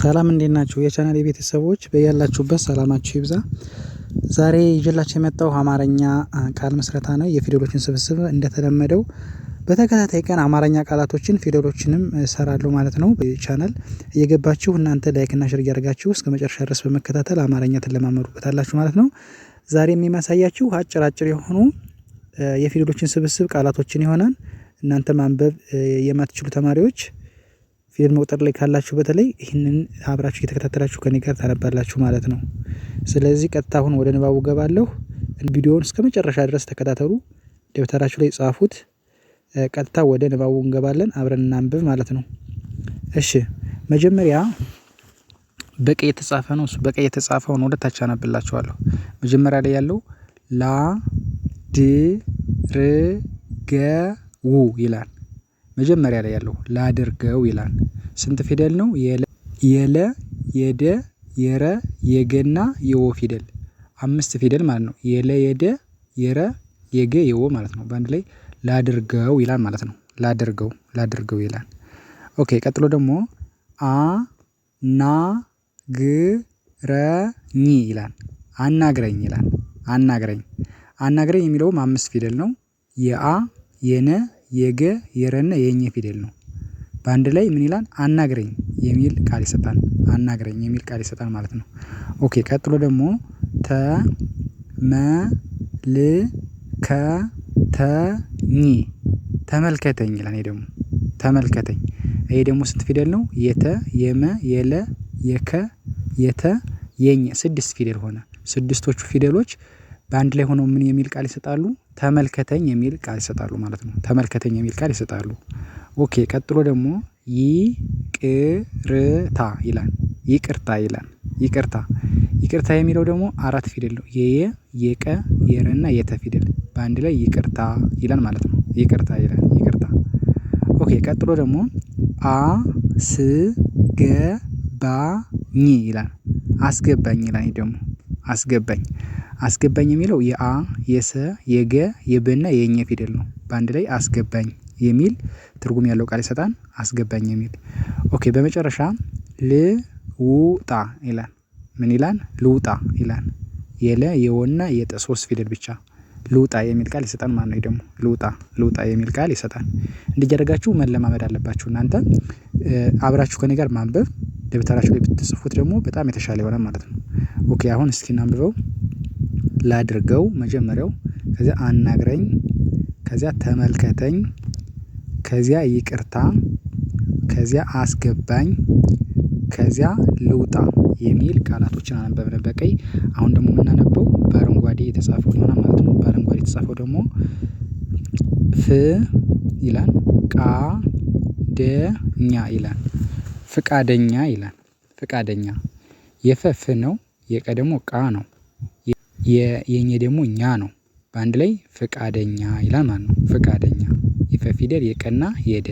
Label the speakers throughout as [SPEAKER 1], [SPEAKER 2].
[SPEAKER 1] ሰላም እንዴት ናችሁ የቻናል ቤተሰቦች በያላችሁበት ሰላማችሁ ይብዛ። ዛሬ ይዤላችሁ የመጣው አማርኛ ቃል ምስረታ ነው። የፊደሎችን ስብስብ እንደተለመደው በተከታታይ ቀን አማርኛ ቃላቶችን ፊደሎችንም እሰራለሁ ማለት ነው። ቻናል እየገባችሁ እናንተ ላይክና ሽር እያደርጋችሁ እስከ መጨረሻ ድረስ በመከታተል አማርኛ ትለማመዱበታላችሁ ማለት ነው። ዛሬ የሚያሳያችሁ አጭር አጭር የሆኑ የፊደሎችን ስብስብ ቃላቶችን ይሆናል። እናንተ ማንበብ የማትችሉ ተማሪዎች ፊደል መቁጠር ላይ ካላችሁ በተለይ ይህንን አብራችሁ እየተከታተላችሁ ከኔ ጋር ታነባላችሁ ማለት ነው። ስለዚህ ቀጥታ አሁን ወደ ንባቡ ገባለሁ። ቪዲዮውን እስከ መጨረሻ ድረስ ተከታተሉ፣ ደብተራችሁ ላይ ጻፉት። ቀጥታ ወደ ንባቡ እንገባለን፣ አብረን እናንብብ ማለት ነው። እሺ መጀመሪያ በቀይ የተጻፈ ነው። እሱ በቀይ የተጻፈው ነው፣ ታች አነብላችኋለሁ። መጀመሪያ ላይ ያለው ላ ድ ር ገ ው ይላል። መጀመሪያ ላይ ያለው ላድርገው ይላል። ስንት ፊደል ነው? የለ የደ የረ የገና የወ ፊደል አምስት ፊደል ማለት ነው። የለ የደ የረ የገ የወ ማለት ነው። በአንድ ላይ ላድርገው ይላል ማለት ነው። ላድርገው ላድርገው ይላል። ኦኬ ቀጥሎ ደግሞ አ ና ግ ረ ኝ ይላል አናግረኝ ይላል አናግረኝ አናግረኝ የሚለውም አምስት ፊደል ነው። የአ የነ የገ የረና የኘ ፊደል ነው በአንድ ላይ ምን ይላል አናግረኝ የሚል ቃል ይሰጣል አናግረኝ የሚል ቃል ይሰጣል ማለት ነው። ኦኬ ቀጥሎ ደግሞ ተ መ ል ከ ተ ኝ ተመልከተኝ ይላል ይሄ ደግሞ ተመልከተኝ ይሄ ደግሞ ስንት ፊደል ነው? የተ የመ የለ የከ የተ የኝ ስድስት ፊደል ሆነ ስድስቶቹ ፊደሎች በአንድ ላይ ሆነው ምን የሚል ቃል ይሰጣሉ ተመልከተኝ የሚል ቃል ይሰጣሉ ማለት ነው። ተመልከተኝ የሚል ቃል ይሰጣሉ ኦኬ ቀጥሎ ደግሞ ይቅርታ ይላል ይቅርታ ይላል ይቅርታ ይቅርታ የሚለው ደግሞ አራት ፊደል ነው የየ የቀ የረ እና የተ ፊደል በአንድ ላይ ይቅርታ ይላል ማለት ነው። ይቅርታ ይላል ይቅርታ። ኦኬ ቀጥሎ ደግሞ አ ስ ገ ባ ኝ ይላል አስገባኝ ይላል ደግሞ አስገባኝ አስገባኝ የሚለው የአ የሰ የገ እና የኘ ፊደል ነው በአንድ ላይ አስገባኝ የሚል ትርጉም ያለው ቃል ይሰጣል አስገባኝ የሚል ኦኬ በመጨረሻ ልውጣ ይላል ምን ይላል ልውጣ ይላል የለ የወና የጠ ሶስት ፊደል ብቻ ልውጣ የሚል ቃል ይሰጣል ማለት ነው ደግሞ ልውጣ ልውጣ የሚል ቃል ይሰጣል እንዲያደርጋችሁ መለማመድ አለባችሁ እናንተ አብራችሁ ከኔ ጋር ማንበብ ደብተራችሁ ላይ ብትጽፉት ደግሞ በጣም የተሻለ ይሆናል ማለት ነው ኦኬ አሁን እስኪ እናንብበው ላድርገው መጀመሪያው ከዚያ አናግረኝ ከዚያ ተመልከተኝ ከዚያ ይቅርታ ከዚያ አስገባኝ ከዚያ ልውጣ የሚል ቃላቶችን አነበብን በቀይ አሁን ደግሞ የምናነበው በአረንጓዴ የተጻፈው ይሆናል ማለት ነው። በአረንጓዴ የተጻፈው ደግሞ ፍ ይላል ቃ ደ ኛ ይላል ፍቃደኛ ይላል ፍቃደኛ የፈፍ ነው የቀ ደግሞ ቃ ነው የኘ ደግሞ ኛ ነው በአንድ ላይ ፍቃደኛ ይላል ማለት ነው። ፍቃደኛ የፈ ፊደል የቀና የደ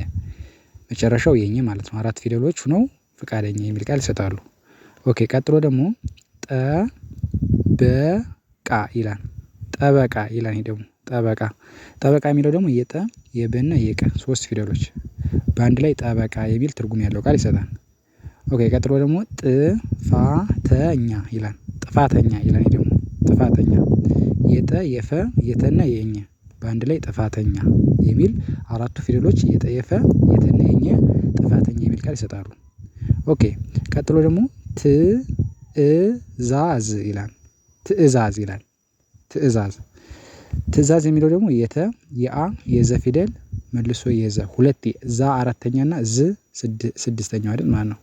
[SPEAKER 1] መጨረሻው የኘ ማለት ነው። አራት ፊደሎች ሁነው ፈቃደኛ የሚል ቃል ይሰጣሉ። ኦኬ ቀጥሎ ደግሞ ጠበቃ ይላል። ጠበቃ ይላል። ደግሞ ጠበቃ ጠበቃ የሚለው ደግሞ የጠ የበና የቀ ሶስት ፊደሎች በአንድ ላይ ጠበቃ የሚል ትርጉም ያለው ቃል ይሰጣል። ኦኬ ቀጥሎ ደግሞ ጥፋተኛ ይላል። ጥፋተኛ ይላል። ደግሞ ጥፋተኛ የጠ የፈ የተና የኘ በአንድ ላይ ጥፋተኛ የሚል አራቱ ፊደሎች የጠየፈ እየተለያየ ጥፋተኛ የሚል ቃል ይሰጣሉ። ኦኬ ቀጥሎ ደግሞ ትእዛዝ ይላል ትእዛዝ ይላል ትእዛዝ ትእዛዝ የሚለው ደግሞ የተ የአ የዘ ፊደል መልሶ የዘ ሁለት ዛ አራተኛ እና ዝ ስድስተኛው አይደል ማለት ነው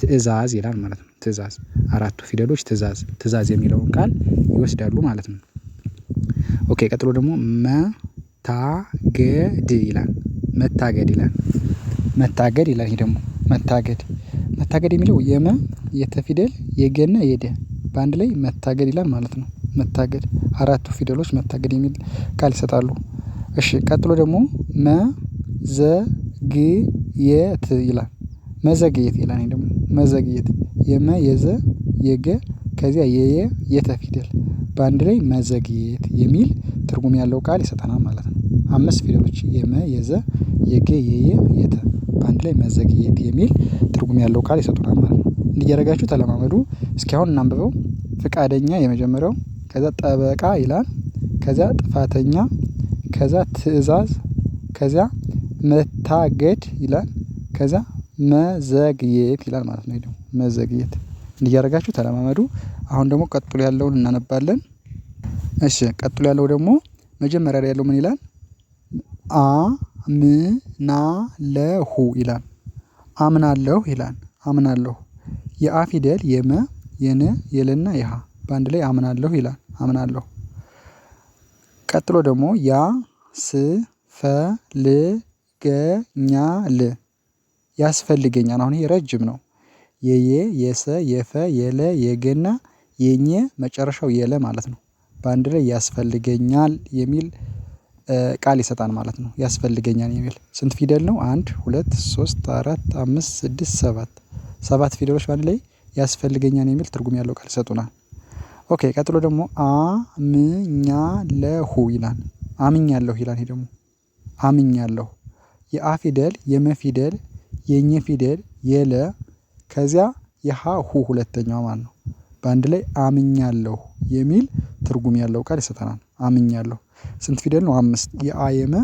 [SPEAKER 1] ትእዛዝ ይላል ማለት ነው። ትእዛዝ አራቱ ፊደሎች ትእዛዝ ትእዛዝ የሚለውን ቃል ይወስዳሉ ማለት ነው ኦኬ ቀጥሎ ደግሞ መታገድ ይላል መታገድ ይላል መታገድ ይላል ይሄ ደግሞ መታገድ መታገድ የሚለው የመ የተፊደል የገና የደ በአንድ ላይ መታገድ ይላል ማለት ነው። መታገድ አራቱ ፊደሎች መታገድ የሚል ቃል ይሰጣሉ። እሺ ቀጥሎ ደግሞ መዘግየት ይላል መዘግየት ይላል ይሄ ደግሞ መዘግየት የመ የዘ የገ ከዚያ የየ የተ ፊደል በአንድ ላይ መዘግየት የሚል ትርጉም ያለው ቃል ይሰጠናል ማለት ነው። አምስት ፊደሎች የመ የዘ የገ የየ የተ በአንድ ላይ መዘግየት የሚል ትርጉም ያለው ቃል ይሰጡናል ማለት ነው። እንዲህ ተለማመዱ። እስኪ አሁን እናንብበው። ፍቃደኛ የመጀመሪያው ከዛ ጠበቃ ይላል ከዚያ ጥፋተኛ ከዛ ትእዛዝ ከዚያ መታገድ ይላል ከዚያ መዘግየት ይላል ማለት ነው። መዘግየት እንዲህ ተለማመዱ አሁን ደግሞ ቀጥሎ ያለውን እናነባለን። እሺ ቀጥሎ ያለው ደግሞ መጀመሪያ ላይ ያለው ምን ይላል? አምናለሁ ይላል አምናለሁ ይላል አምናለሁ የአ ፊደል የመ የነ የለና የሃ በአንድ ላይ አምናለሁ ይላል አምናለሁ። ቀጥሎ ደግሞ ያ ስ ፈ ል ገ ኛ ል ያስፈልገኛል አሁን ይሄ ረጅም ነው። የየ የሰ የፈ የለ የገና የኘ መጨረሻው የለ ማለት ነው። በአንድ ላይ ያስፈልገኛል የሚል ቃል ይሰጣል ማለት ነው። ያስፈልገኛል የሚል ስንት ፊደል ነው? አንድ ሁለት ሶስት አራት አምስት ስድስት ሰባት ሰባት ፊደሎች በአንድ ላይ ያስፈልገኛል የሚል ትርጉም ያለው ቃል ይሰጡናል። ኦኬ ቀጥሎ ደግሞ አምኛለሁ ይላል አምኛለሁ ይላል ይሄ ደግሞ አምኛለሁ የአ ፊደል የመ ፊደል የኘ ፊደል የለ ከዚያ የሀ ሁ ሁለተኛው ማለት ነው በአንድ ላይ አምኛለሁ የሚል ትርጉም ያለው ቃል ይሰጠናል አምኛለሁ ስንት ፊደል ነው አምስት የአ የመ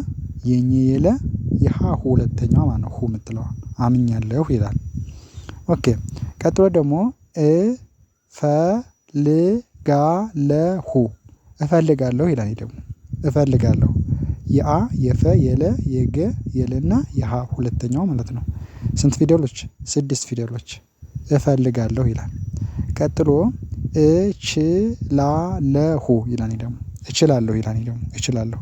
[SPEAKER 1] የሀ ሁለተኛዋ ማለት ነው ሁ የምትለዋ አምኛለሁ ይላል ኦኬ ቀጥሎ ደግሞ እ ፈ ል ጋ ለ ሁ እፈልጋለሁ ይላል ደግሞ እፈልጋለሁ የአ የፈ የለ የገ የለና የሀ ሁለተኛው ማለት ነው ስንት ፊደሎች ስድስት ፊደሎች እፈልጋለሁ ይላል ቀጥሎ እችላለሁ ይላል ደግሞ እችላለሁ ይላል ደግሞ እችላለሁ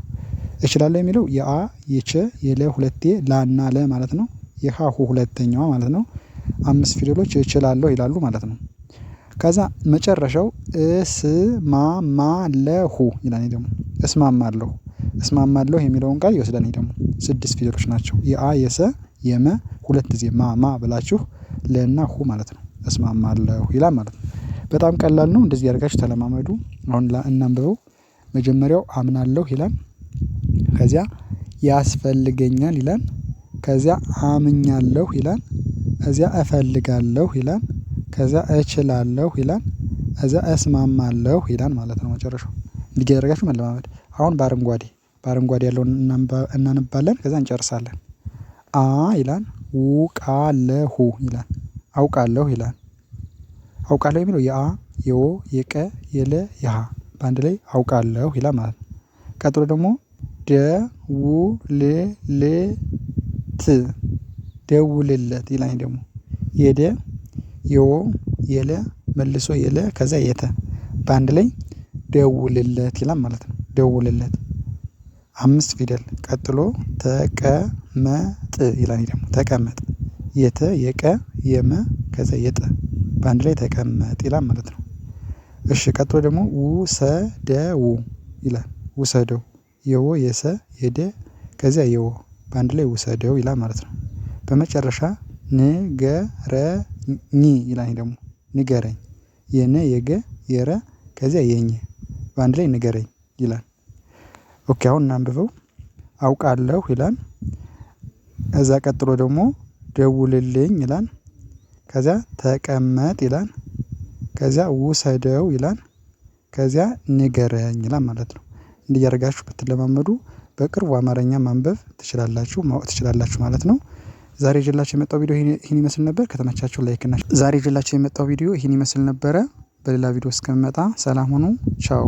[SPEAKER 1] እችላለሁ የሚለው የአ የቸ የለ ሁለቴ ላና ለ ማለት ነው የሀሁ ሁለተኛዋ ማለት ነው አምስት ፊደሎች እችላለሁ ይላሉ ማለት ነው። ከዛ መጨረሻው እስማማለሁ ይላል ደግሞ እስማማለሁ እስማማለሁ የሚለውን ቃል ይወስዳል ደግሞ ስድስት ፊደሎች ናቸው የአ የሰ የመ ሁለት ጊዜ ማማ ብላችሁ ለና ሁ ማለት ነው እስማማለሁ ይላል ማለት ነው በጣም ቀላል ነው። እንደዚህ አድርጋችሁ ተለማመዱ። አሁን እናንብበው። መጀመሪያው አምናለሁ ይላል። ከዚያ ያስፈልገኛል ይላል። ከዚያ አምኛለሁ ይላል። እዚያ እፈልጋለሁ ይላል። ከዚያ እችላለሁ ይላል። እዚያ እስማማለሁ ይላል ማለት ነው። መጨረሻው እንዲህ አድርጋችሁ መለማመድ። አሁን በአረንጓዴ በአረንጓዴ ያለውን እናነባለን፣ ከዚያ እንጨርሳለን። አ ይላል። ውቃለሁ ይላል። አውቃለሁ ይላል። አውቃለሁ የሚለው የአ የወ የቀ የለ የሃ በአንድ ላይ አውቃለሁ ይላል ማለት ነው። ቀጥሎ ደግሞ ደውልልት ደውልለት ይላል ደግሞ የደ የወ የለ መልሶ የለ ከዛ የተ በአንድ ላይ ደውልለት ይላል ማለት ነው። ደውልለት አምስት ፊደል ቀጥሎ ተቀመጥ ይላል ደግሞ ተቀመጥ የተ የቀ የመ ከዛ የጠ በአንድ ላይ ተቀመጥ ይላል ማለት ነው። እሺ ቀጥሎ ደግሞ ውሰደው ይላል ውሰደው የወ የሰ የደ ከዚያ የወ በአንድ ላይ ውሰደው ይላል ማለት ነው። በመጨረሻ ንገረኝ ይላል ደግሞ ንገረኝ የነ የገ የረ ከዚያ የኝ በአንድ ላይ ንገረኝ ይላል። ኦኬ አሁን እናንብበው አውቃለሁ ይላል። እዛ ቀጥሎ ደግሞ ደውልልኝ ይላል ከዚያ ተቀመጥ ይላል ከዚያ ውሰደው ይላል ከዚያ ንገረኝ ይላል ማለት ነው። እንዲያደርጋችሁ ብትለማመዱ በቅርቡ አማርኛ ማንበብ ትችላላችሁ ማወቅ ትችላላችሁ ማለት ነው። ዛሬ ጀላችሁ የመጣው ቪዲዮ ይህን ይመስል ነበር ከተመቻችሁ ላይክ እና ዛሬ ጀላችሁ የመጣው ቪዲዮ ይህን ይመስል ነበረ። በሌላ ቪዲዮ እስከምመጣ ሰላም ሁኑ ቻው።